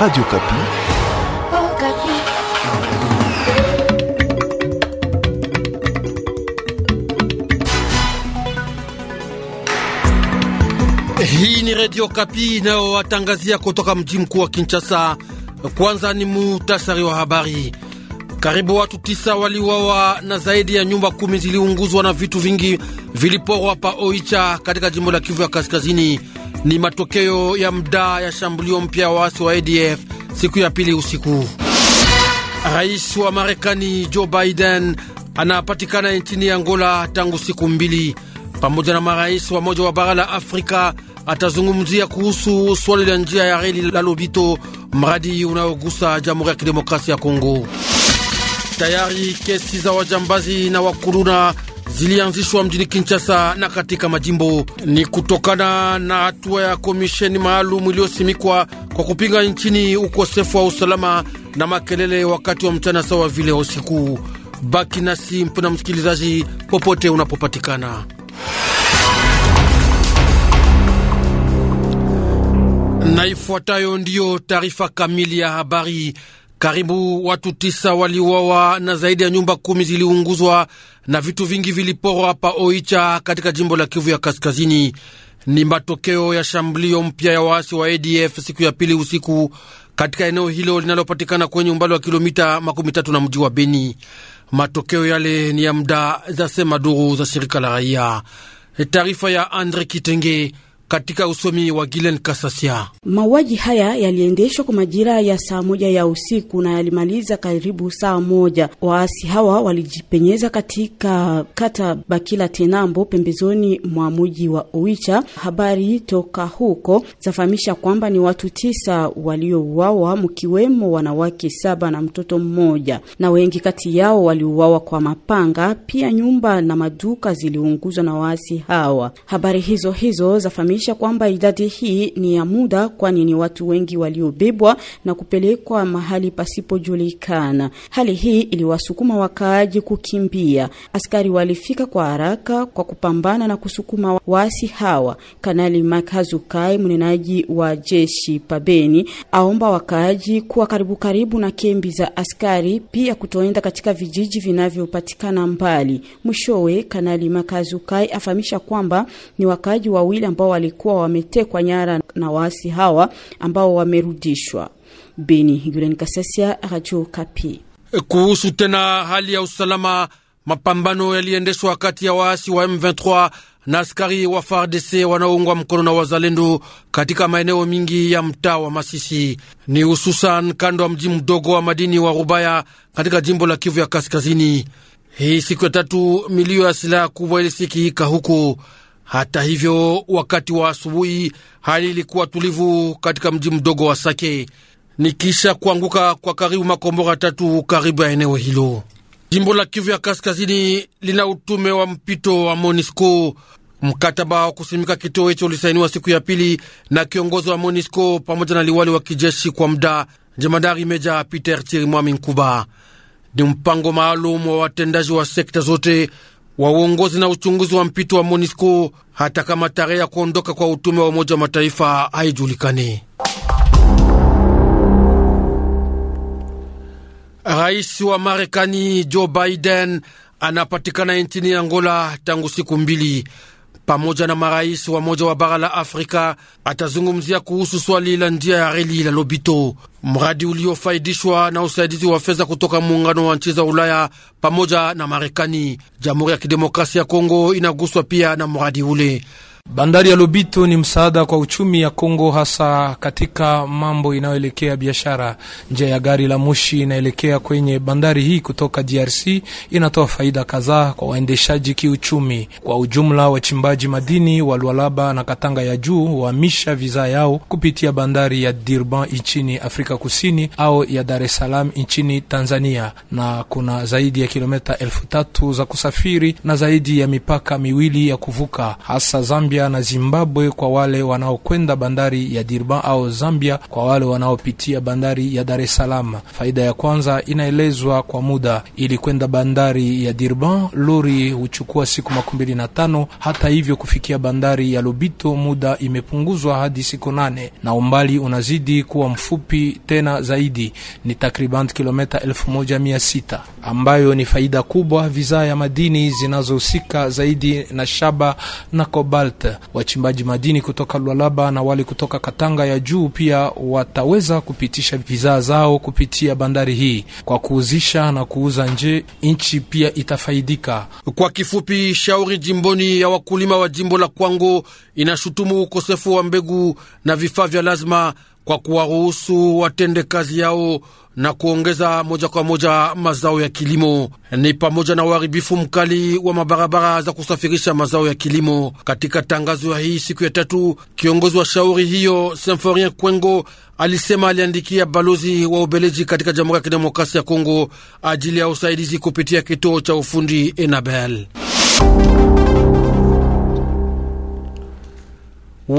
Radio Kapi. Oh, Kapi. Hii ni Radio Kapi inayowatangazia kutoka mji mkuu wa Kinshasa. Kwanza ni muhtasari wa habari. Karibu watu tisa waliuawa na zaidi ya nyumba kumi ziliunguzwa na vitu vingi viliporwa pa Oicha katika jimbo la Kivu ya Kaskazini ni matokeo ya mdaa ya shambulio mpya wa waasi wa ADF siku ya pili usiku. Rais wa Marekani Joe Biden anapatikana nchini Angola tangu siku mbili, pamoja na marais wa moja wa bara la Afrika. Atazungumzia kuhusu swali la njia ya reli la Lobito, mradi unayogusa Jamhuri ya Kidemokrasia ya Kongo. Tayari kesi za wajambazi na wakuluna zilianzishwa mjini Kinshasa na katika majimbo. Ni kutokana na hatua ya komisheni maalum iliyosimikwa kwa kupinga nchini ukosefu wa usalama na makelele wakati wa mchana sawa vile usiku. Baki nasi mpena msikilizaji, popote unapopatikana. Na ifuatayo ndiyo taarifa kamili ya habari. Karibu watu tisa waliuawa na zaidi ya nyumba kumi ziliunguzwa na vitu vingi viliporwa pa Oicha katika jimbo la Kivu ya Kaskazini. Ni matokeo ya shambulio mpya ya waasi wa ADF siku ya pili usiku katika eneo hilo linalopatikana kwenye umbali wa kilomita makumi tatu na mji wa Beni. Matokeo yale ni ya muda, zasema duru za shirika la raia. Taarifa ya Andre Kitenge katika usomi wa Gilen Kasasia. Mauaji haya yaliendeshwa kwa majira ya saa moja ya usiku na yalimaliza karibu saa moja. Waasi hawa walijipenyeza katika kata Bakila Tenambo, pembezoni mwa muji wa Oicha. Habari toka huko zafahamisha kwamba ni watu tisa waliouawa, mkiwemo wanawake saba na mtoto mmoja, na wengi kati yao waliuawa kwa mapanga. Pia nyumba na maduka ziliunguzwa na waasi hawa. Habari hizo hizo zafahamisha Tunajulisha kwamba idadi hii ni ya muda, kwani ni watu wengi waliobebwa na kupelekwa mahali pasipojulikana. Hali hii iliwasukuma wakaaji kukimbia. Askari walifika kwa haraka kwa kupambana na kusukuma waasi hawa. Kanali Makazukai, mnenaji wa jeshi Pabeni, aomba wakaaji kuwa karibu karibu na kembi za askari, pia kutoenda katika vijiji vinavyopatikana mbali. Mwishowe, Kanali Makazukai afahamisha kwamba ni wakaaji wawili ambao wali walikuwa wametekwa nyara na waasi hawa ambao wamerudishwa Beni. Gulen Kasasia, Radio Kapi. Kuhusu tena hali ya usalama, mapambano yaliendeshwa kati ya waasi wa M23 na askari wa FARDC wanaoungwa mkono na wazalendo katika maeneo mingi ya mtaa wa Masisi, ni hususan kando ya mji mdogo wa madini wa Rubaya katika jimbo la Kivu ya Kaskazini. Hii siku ya tatu milio ya silaha kubwa ilisikika huku. Hata hivyo, wakati wa asubuhi hali ilikuwa tulivu katika mji mdogo wa Sake ni kisha kuanguka kwa karibu makombora tatu karibu ya eneo hilo. Jimbo la Kivu ya Kaskazini lina utume wa mpito wa MONISCO. Mkataba wa kusimika kituo hicho ulisainiwa siku ya pili na kiongozi wa MONISCO pamoja na liwali wa kijeshi kwa muda jemadari meja Peter Chirimwami Nkuba. Ni mpango maalum wa watendaji wa sekta zote wa uongozi na uchunguzi wa mpito wa MONISCO hata kama tarehe ya kuondoka kwa utume wa Umoja wa Mataifa haijulikani. Rais wa Marekani Joe Biden anapatikana nchini Angola tangu siku mbili pamoja na marais wa moja wa bara la Afrika atazungumzia kuhusu swali la njia ya reli la Lobito, mradi uliofaidishwa na usaidizi wa fedha kutoka muungano wa nchi za Ulaya pamoja na Marekani. Jamhuri ya Kidemokrasia ya Kongo inaguswa pia na mradi ule. Bandari ya Lobito ni msaada kwa uchumi ya Kongo, hasa katika mambo inayoelekea biashara. Njia ya gari la moshi inaelekea kwenye bandari hii kutoka DRC inatoa faida kadhaa kwa waendeshaji kiuchumi kwa ujumla. Wachimbaji madini wa Lualaba na Katanga ya juu huhamisha vizaa yao kupitia bandari ya Durban nchini Afrika Kusini au ya Dar es Salaam nchini Tanzania, na kuna zaidi ya kilometa elfu tatu za kusafiri na zaidi ya mipaka miwili ya kuvuka hasa Zambia Zambia na Zimbabwe kwa wale wanaokwenda bandari ya Durban au Zambia kwa wale wanaopitia bandari ya Dar es Salaam. Faida ya kwanza inaelezwa kwa muda, ili kwenda bandari ya Durban lori huchukua siku makumi mbili na tano. Hata hivyo kufikia bandari ya Lobito muda imepunguzwa hadi siku nane na umbali unazidi kuwa mfupi tena zaidi, ni takriban kilometa elfu moja mia sita ambayo ni faida kubwa. Vizaa ya madini zinazohusika zaidi na shaba na kobalt Wachimbaji madini kutoka Lualaba na wale kutoka Katanga ya juu pia wataweza kupitisha bidhaa zao kupitia bandari hii kwa kuuzisha na kuuza nje, nchi pia itafaidika. Kwa kifupi, shauri jimboni ya wakulima wa jimbo la Kwango inashutumu ukosefu wa mbegu na vifaa vya lazima kwa kuwaruhusu watende kazi yao na kuongeza moja kwa moja mazao ya kilimo, ni pamoja na uharibifu mkali wa mabarabara za kusafirisha mazao ya kilimo. Katika tangazo ya hii siku ya tatu, kiongozi wa shauri hiyo Symphorien Kwengo alisema aliandikia balozi wa Ubeleji katika Jamhuri ya Kidemokrasia ya Kongo ajili ya usaidizi kupitia kituo cha ufundi Enabel.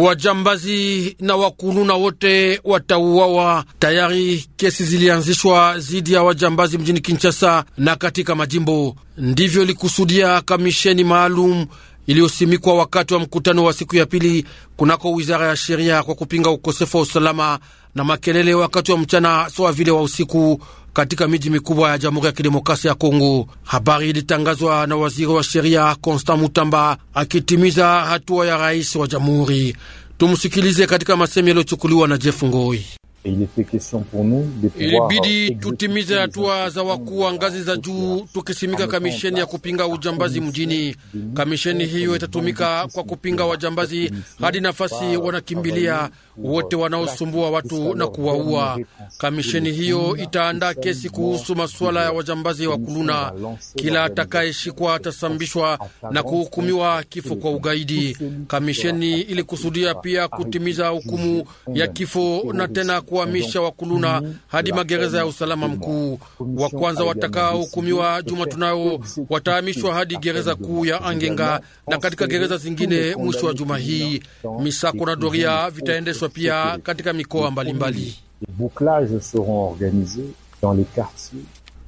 wajambazi na wakununa wote watauawa. Tayari kesi zilianzishwa dhidi ya wajambazi mjini Kinshasa na katika majimbo. Ndivyo likusudia kamisheni maalum iliyosimikwa wakati wa mkutano wa siku ya pili kunako wizara ya sheria kwa kupinga ukosefu wa usalama na makelele wakati wa mchana sawa vile wa usiku katika miji mikubwa ya Jamhuri ya Kidemokrasia ya Kongo. Habari ilitangazwa na waziri wa sheria Constant Mutamba akitimiza hatua ya rais wa jamhuri. Tumsikilize katika masemi yaliyochukuliwa na Jeff Ngoi. Ilibidi tutimize hatua za wakuu wa ngazi za juu, tukisimika kamisheni ya kupinga ujambazi mjini. Kamisheni hiyo itatumika kwa kupinga wajambazi hadi nafasi wanakimbilia wote wanaosumbua watu na kuwaua. Kamisheni hiyo itaandaa kesi kuhusu masuala ya wajambazi wa kuluna. Kila atakayeshikwa atasambishwa na kuhukumiwa kifo kwa ugaidi. Kamisheni ilikusudia pia kutimiza hukumu ya kifo na tena kuhamisha wakuluna hadi magereza ya usalama mkuu. Wa kwanza watakaohukumiwa juma tunao watahamishwa hadi gereza kuu ya Angenga na katika gereza zingine mwisho wa juma hii. Misako na doria vitaendeshwa pia katika mikoa mbalimbali mbali.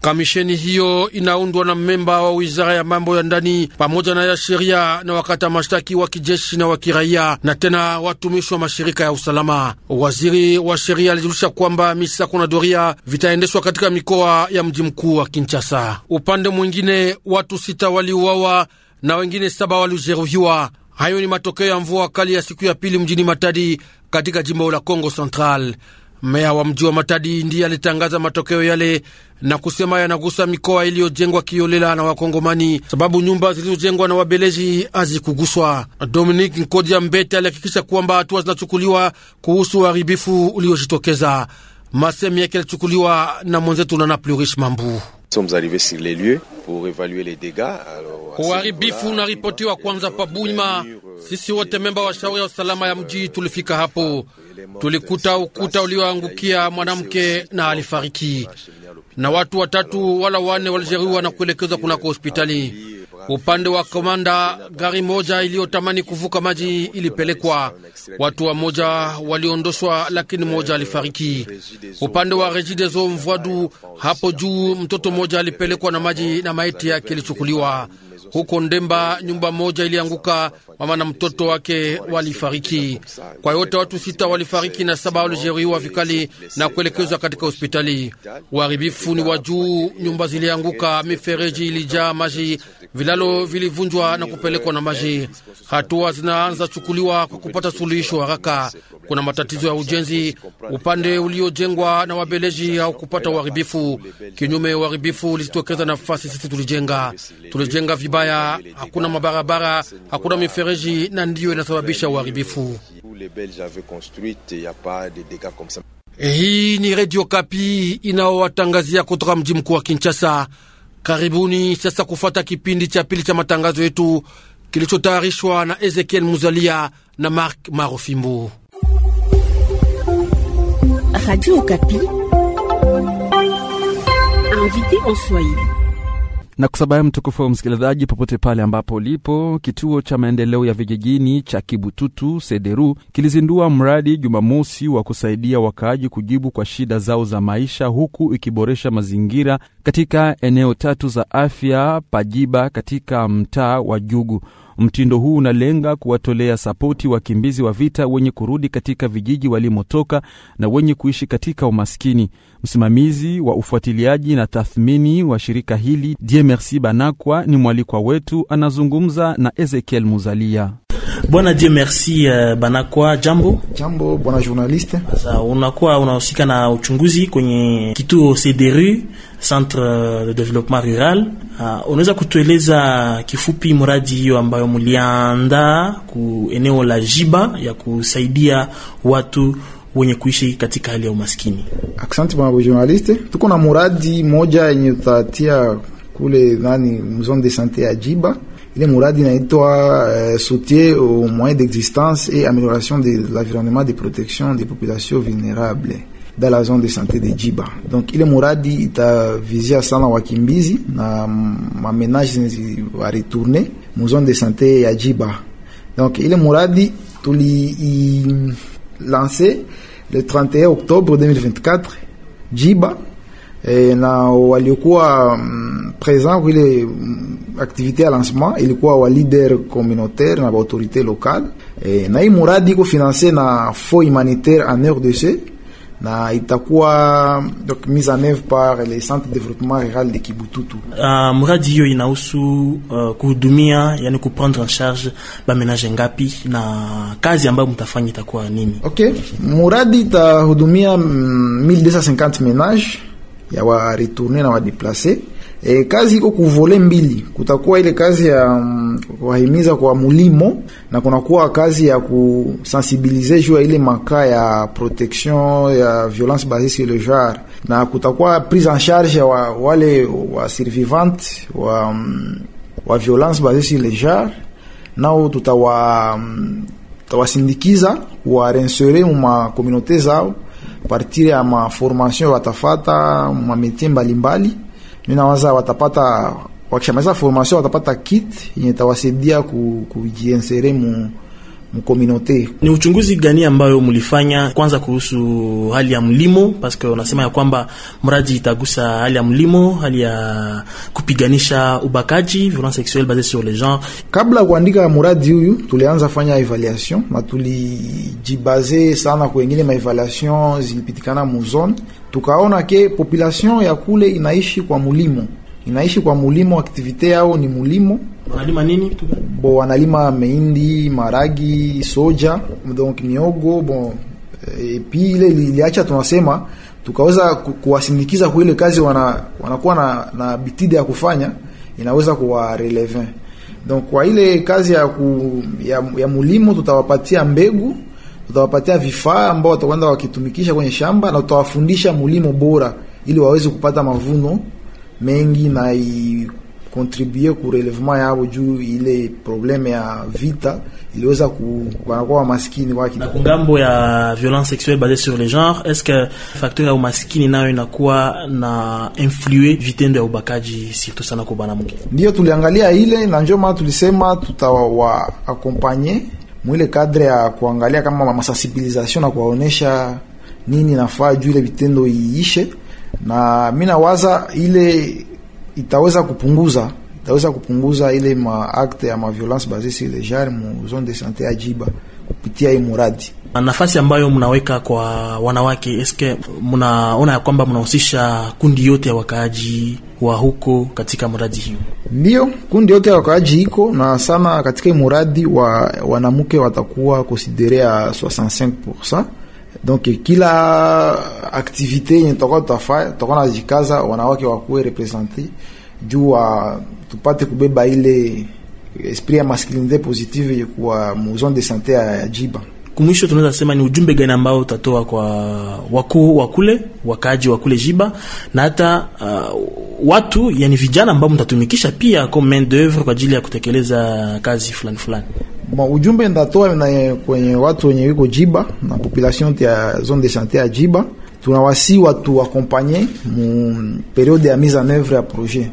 Kamisheni hiyo inaundwa na memba wa wizara ya mambo ya ndani pamoja na ya sheria na wakata mashtaki wa kijeshi na wa kiraia na tena watumishi wa mashirika ya usalama. Waziri wa sheria alijulisha kwamba misako na doria vitaendeshwa katika mikoa ya mji mkuu wa Kinshasa. Upande mwingine, watu sita waliuawa na wengine saba walijeruhiwa. Hayo ni matokeo ya mvua kali ya siku ya pili mjini Matadi katika jimbo la Congo Central. Meya wa mji wa Matadi ndiye alitangaza matokeo yale na kusema yanagusa mikoa iliyojengwa kiolela na Wakongomani, sababu nyumba zilizojengwa na Wabeleji hazikuguswa. Dominique Nkodia Mbete alihakikisha kwamba hatua zinachukuliwa kuhusu uharibifu uliojitokeza. Masemi yake yalichukuliwa na mwenzetu Nana Pluris Mambu. Uharibifu unaripotiwa kwanza pa Bunyma. Euh, Sisi wote memba wa shauri ya usalama ya mji tulifika hapo tulikuta ukuta ulioangukia mwanamke na alifariki, na watu watatu wala wane walijeruhiwa na kuelekezwa kunako hospitali. Upande wa Komanda, gari moja iliyotamani kuvuka maji ilipelekwa. Watu wa moja waliondoshwa, lakini moja alifariki. Upande wa Regideso Mvwadu hapo juu, mtoto moja alipelekwa na maji na maiti yake ilichukuliwa. Huko Ndemba, nyumba moja ilianguka mama na mtoto wake walifariki. Kwa yote watu sita walifariki na saba walijeruhiwa vikali na kuelekezwa katika hospitali. Uharibifu ni wa juu, nyumba zilianguka, mifereji ilijaa maji, vilalo vilivunjwa na kupelekwa na maji. Hatua zinaanza chukuliwa kwa kupata suluhisho haraka. Kuna matatizo ya ujenzi, upande uliojengwa na wabeleji au kupata uharibifu. Kinyume, uharibifu ulitokeza nafasi sisi tulijenga, tulijenga vibaya. Hakuna mabarabara, hakuna mifereji mifereji na ndiyo inasababisha uharibifu. Eh, hii ni Redio Kapi inaowatangazia kutoka mji mkuu wa Kinshasa. Karibuni sasa kufuata kipindi cha pili cha matangazo yetu kilichotayarishwa na Ezekiel Muzalia na Mark Marofimbo. Radio Kapi invité en Swahili na kusabaya mtukufu wa msikilizaji, popote pale ambapo ulipo, kituo cha maendeleo ya vijijini cha Kibututu Sederu kilizindua mradi Jumamosi wa kusaidia wakaaji kujibu kwa shida zao za maisha, huku ikiboresha mazingira katika eneo tatu za afya Pajiba katika mtaa wa Jugu. Mtindo huu unalenga kuwatolea sapoti wakimbizi wa vita wenye kurudi katika vijiji walimotoka na wenye kuishi katika umaskini. Msimamizi wa ufuatiliaji na tathmini wa shirika hili Dieu Merci Banakwa ni mwalikwa wetu, anazungumza na Ezekiel Muzalia. Bwana Dieu merci. Uh, bana kwa jambo jambo, bwana journaliste. Sasa unakuwa unahusika na uchunguzi kwenye kituo CDRU, Centre de Développement Rural. Uh, unaweza kutueleza kifupi mradi hiyo ambayo mulianda ku eneo la Jiba ya kusaidia watu wenye kuishi katika hali ya umaskini? Asante bwana journaliste, tuko na muradi moja yenye tutatia kule nani mzone de sante ya Jiba Il est d'un doit euh, sauter aux moyens d'existence et amélioration de l'environnement de protection des populations vulnérables dans la zone de santé de Djiba. Donc visité à à sana wakimbizi na ménage à retourner la zone de santé à Djiba. Donc Mouradi il a lancé le 31 octobre 2024 Djiba na waliokuwa euh, présent est activité ya lancement ilikuwa wa leader communautaire na baautorité locale e, na hii muradi iko na Fonds humanitaire en RDC na itakuwa donc mise en œuvre par le centre de développement rural de Kibututu. Uh, muradi hiyo inahusu uh, kuhudumia yani kuprendre en charge bamenage ngapi na kazi ambayo mtafanya itakuwa nini? ok muradi itahudumia 1250 ménages ya retourner na wa déplacer E, kazi iko kuvole mbili, kutakuwa ile kazi ya mm, kuwahimiza kwa mulimo na kunakuwa kazi ya kusensibilize juu ya ile makaa ya protection ya violence basée sur le genre, na kutakuwa prise en charge ya wa, wale wa survivante wa, mm, wa violence basée sur le genre, nao tutawa mm, tutawasindikiza kuwarensere mu communauté zao partir ya maformation watafata ma mametie mbalimbali mi nawaza watapata wakishamaliza formation watapata kit yenye tawasaidia kujiensere ku, mu mkominote. Ni uchunguzi gani ambayo mlifanya kwanza kuhusu hali ya mlimo? Paske unasema ya kwamba mradi itagusa hali ya mlimo, hali ya kupiganisha ubakaji, violence sexuelle basée sur les genre. Kabla ya kuandika mradi huyu, tulianza fanya evaluation na tulijibaze sana kwengine, ma evaluation zilipitikana mu zone tukaona ke population ya kule inaishi kwa mulimo, inaishi kwa mulimo, aktivite yao ni mulimo. Wanalima nini? Bo wanalima mahindi, maragi, soja, donc miogo bo e, eh, ile iliacha tunasema tukaweza kuwasindikiza kwa ile kazi wana, wanakuwa na, na bitide ya kufanya inaweza kuwa relevant. Donc kwa ile kazi ya, ku, ya, ya mulimo tutawapatia mbegu utawapatia vifaa ambao watakwenda wakitumikisha kwenye shamba na utawafundisha mulimo bora, ili waweze kupata mavuno mengi na ikontribue ku relevement yao, juu ile probleme ya vita iliweza wanakuwa wamaskini wake. Na kungambo ya violence sexuelle basée sur le genre, est-ce que facteur ya umaskini nayo inakuwa na influe vitendo ya ubakaji surtout sana kwa banamuke? Ndio tuliangalia ile na njoo maana tulisema tutawa accompagner mwile kadre ya kuangalia kama masensibilization na kuwaonesha nini nafaa juu ile vitendo iishe, na mi nawaza ile itaweza kupunguza itaweza kupunguza ile maakte ya maviolence basée sur le genre mu zone de sante ya Jiba kupitia hii muradi. Nafasi ambayo mnaweka kwa wanawake, eske mnaona ya kwamba mnahusisha kundi yote ya wakaaji wa huko katika mradi hiyo? Ndio, kundi yote ya wakaaji iko na sana katika muradi wa wanamke watakuwa konsiderea 65% donc kila aktivite yenye tutakuwa tutafanya tutakuwa nazikaza wanawake wakuwe represente juu tupate kubeba ile esprit ya masculinité positive kwa euh, muzone de sante ya Jiba. Kumwisho, tunaweza sema ni ujumbe gani ambao utatoa kwa wakuu wa kule wakaaji wa kule Jiba na hata uh, watu yani vijana ambao mtatumikisha pia comme main d'oeuvre kwa ajili ya kutekeleza kazi fulani fulani? Ma ujumbe ndatoa na eh, kwenye watu wenye wiko Jiba na population ya zone de sante ya Jiba, tunawasi watu wakompanye mu mm, periode ya mise en oeuvre ya projet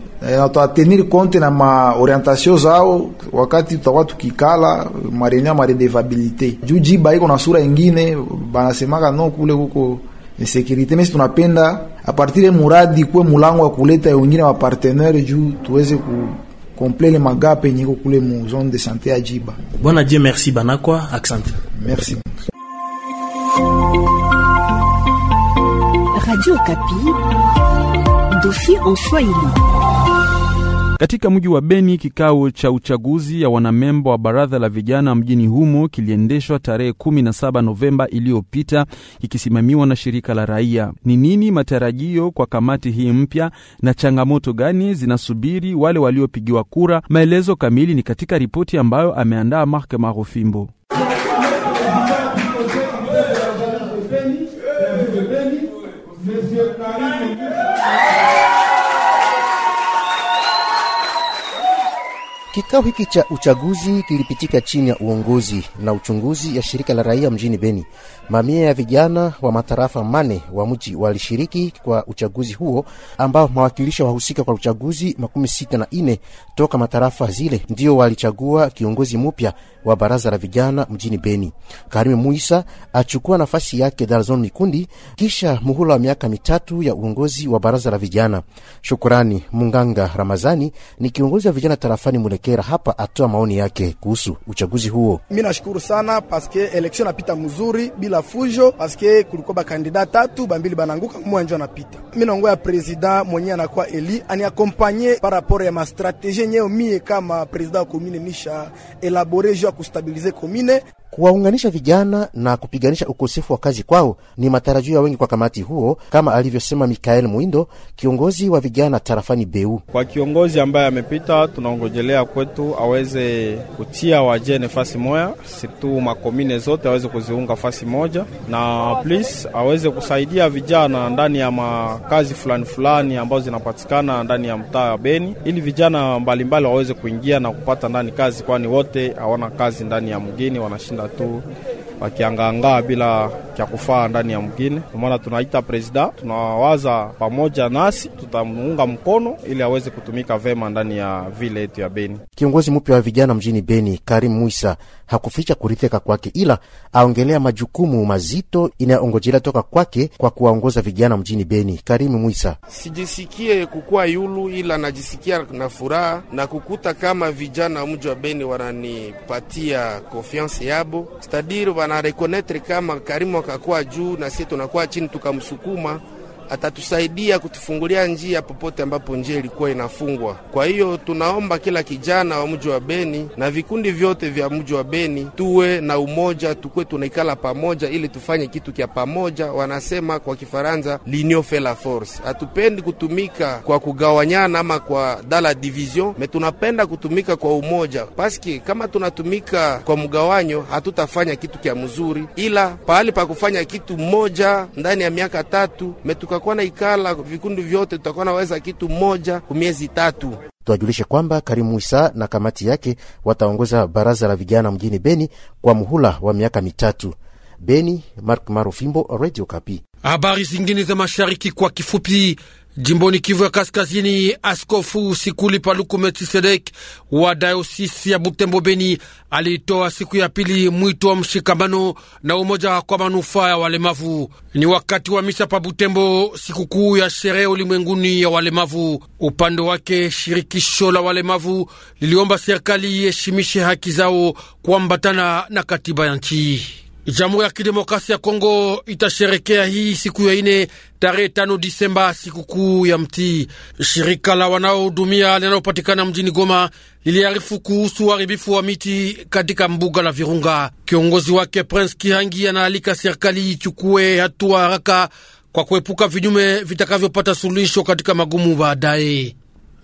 tutatenir eh, konte na maorientation zao wakati tutakuwa tukikala ya maredevabilite juu jiba iko na sura ingine banasemaka no kule kuko insekurite mesi tunapenda apartire muradi kuwe mulango wa kuleta wengine wa partenaire juu tuweze ku komple le magape yenye iko kule mu zone de sante ya jiba. Bwana Dieu merci banakwa accent. Merci. Radio Kapi, dossier en Swahili. Katika mji wa Beni, kikao cha uchaguzi ya wanamemba wa baradha la vijana mjini humo kiliendeshwa tarehe 17 Novemba iliyopita, kikisimamiwa na shirika la raia. Ni nini matarajio kwa kamati hii mpya na changamoto gani zinasubiri wale waliopigiwa kura? Maelezo kamili ni katika ripoti ambayo ameandaa Mark Marofimbo. Kikao hiki cha uchaguzi kilipitika chini ya uongozi na uchunguzi ya shirika la raia mjini Beni. Mamia ya vijana wa matarafa mane wa mji walishiriki kwa uchaguzi huo ambao mawakilishi wahusika kwa uchaguzi makumi sita na ine toka matarafa zile ndio walichagua kiongozi mpya wa baraza la vijana mjini Beni. Karimu Muisa achukua nafasi yake Darzon Mikundi kisha muhula wa miaka mitatu ya uongozi wa baraza la vijana. Shukurani Munganga Ramazani ni kiongozi wa vijana tarafani Mulekera, hapa atoa maoni yake kuhusu uchaguzi huo. Mi nashukuru sana paske eleksion napita mzuri bila fujo paske kulikuwa bakandida tatu bambili bananguka mmoja njo anapita. Mimi naongo ya president mwenye anakuwa eli ani aniakompanye par rapport ya mastrategie nyeo mie kama president ya commune nisha elabore juu ya kustabilize commune kuwaunganisha vijana na kupiganisha ukosefu wa kazi kwao ni matarajio ya wengi kwa kamati huo, kama alivyosema Mikael Mwindo, kiongozi wa vijana tarafani Beu. Kwa kiongozi ambaye amepita, tunaongojelea kwetu aweze kutia wajee nafasi moya, sirtu makomine zote aweze kuziunga fasi moja, na plis aweze kusaidia vijana ndani ya makazi fulani fulani ambazo zinapatikana ndani ya mtaa wa Beni, ili vijana mbalimbali waweze kuingia na kupata ndani kazi, kwani wote hawana kazi ndani ya mgini wanashinda tu wakiangaangaa bila cha kufaa ndani ya mgine. Kwa maana tunaita presida, tunawaza pamoja nasi tutamuunga mkono ili aweze kutumika vema ndani ya vile yetu ya Beni. Kiongozi mpya wa vijana mjini Beni, Karim Mwisa, hakuficha kuritheka kwake, ila aongelea majukumu mazito inayoongojela toka kwake kwa kuwaongoza vijana mjini Beni. Karim Mwisa: sijisikie kukuwa yulu, ila najisikia na furaha na kukuta kama vijana wa mji wa Beni wananipatia konfiansi yabo, stadiri wanarekonetre kama Karimu wakakuwa juu na sisi tunakuwa chini, tukamsukuma atatusaidia kutufungulia njia popote ambapo njia ilikuwa inafungwa. Kwa hiyo tunaomba kila kijana wa mji wa Beni na vikundi vyote vya mji wa Beni tuwe na umoja, tukuwe tunaikala pamoja ili tufanye kitu kya pamoja. Wanasema kwa Kifaransa l'union fait la force. Hatupendi kutumika kwa kugawanyana ama kwa dala division, me tunapenda kutumika kwa umoja, paski kama tunatumika kwa mgawanyo hatutafanya kitu kya mzuri, ila pahali pa kufanya kitu mmoja ndani ya miaka tatu metu tukakuwa na ikala vikundi vyote, tutakuwa naweza kitu moja kwa miezi tatu. Twajulishe kwamba Karimu Isa na kamati yake wataongoza baraza la vijana mjini Beni kwa muhula wa miaka mitatu. Beni, Mark Marufimbo, Radio Kapi. Habari zingine za mashariki kwa kifupi. Jimboni Kivu ya Kaskazini, Askofu Sikuli Paluku Melchisedek wa dayosisi ya Butembo Beni alitoa siku ya pili mwito wa mshikamano na umoja kwa manufaa ya walemavu. Ni wakati wa misa pa Butembo, sikukuu ya sherehe ulimwenguni ya walemavu. Upande wake, shirikisho la walemavu liliomba serikali iheshimishe haki zao kuambatana na katiba ya nchi. Jamhuri ya Kidemokrasia ya Kongo itasherekea hii siku ya ine tarehe tano Disemba sikukuu ya mti. Shirika la wanaohudumia linalopatikana mjini Goma liliarifu kuhusu uharibifu wa miti katika mbuga la Virunga. Kiongozi wake Prince Kihangi anaalika serikali ichukue hatua haraka kwa kuepuka vinyume vitakavyopata suluhisho katika magumu baadaye.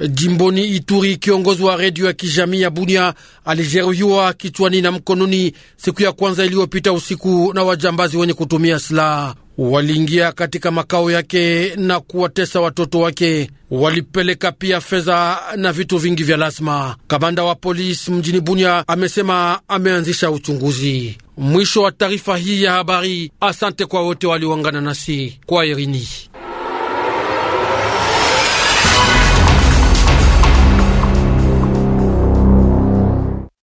Jimboni Ituri, kiongozi wa redio ya kijamii ya Bunia alijeruhiwa kichwani na mkononi siku ya kwanza iliyopita usiku na wajambazi wenye kutumia silaha. Waliingia katika makao yake na kuwatesa watoto wake. Walipeleka pia fedha na vitu vingi vya lazima. Kamanda wa polisi mjini Bunia amesema ameanzisha uchunguzi. Mwisho wa taarifa hii ya habari. Asante kwa wote waliungana nasi kwa Irini.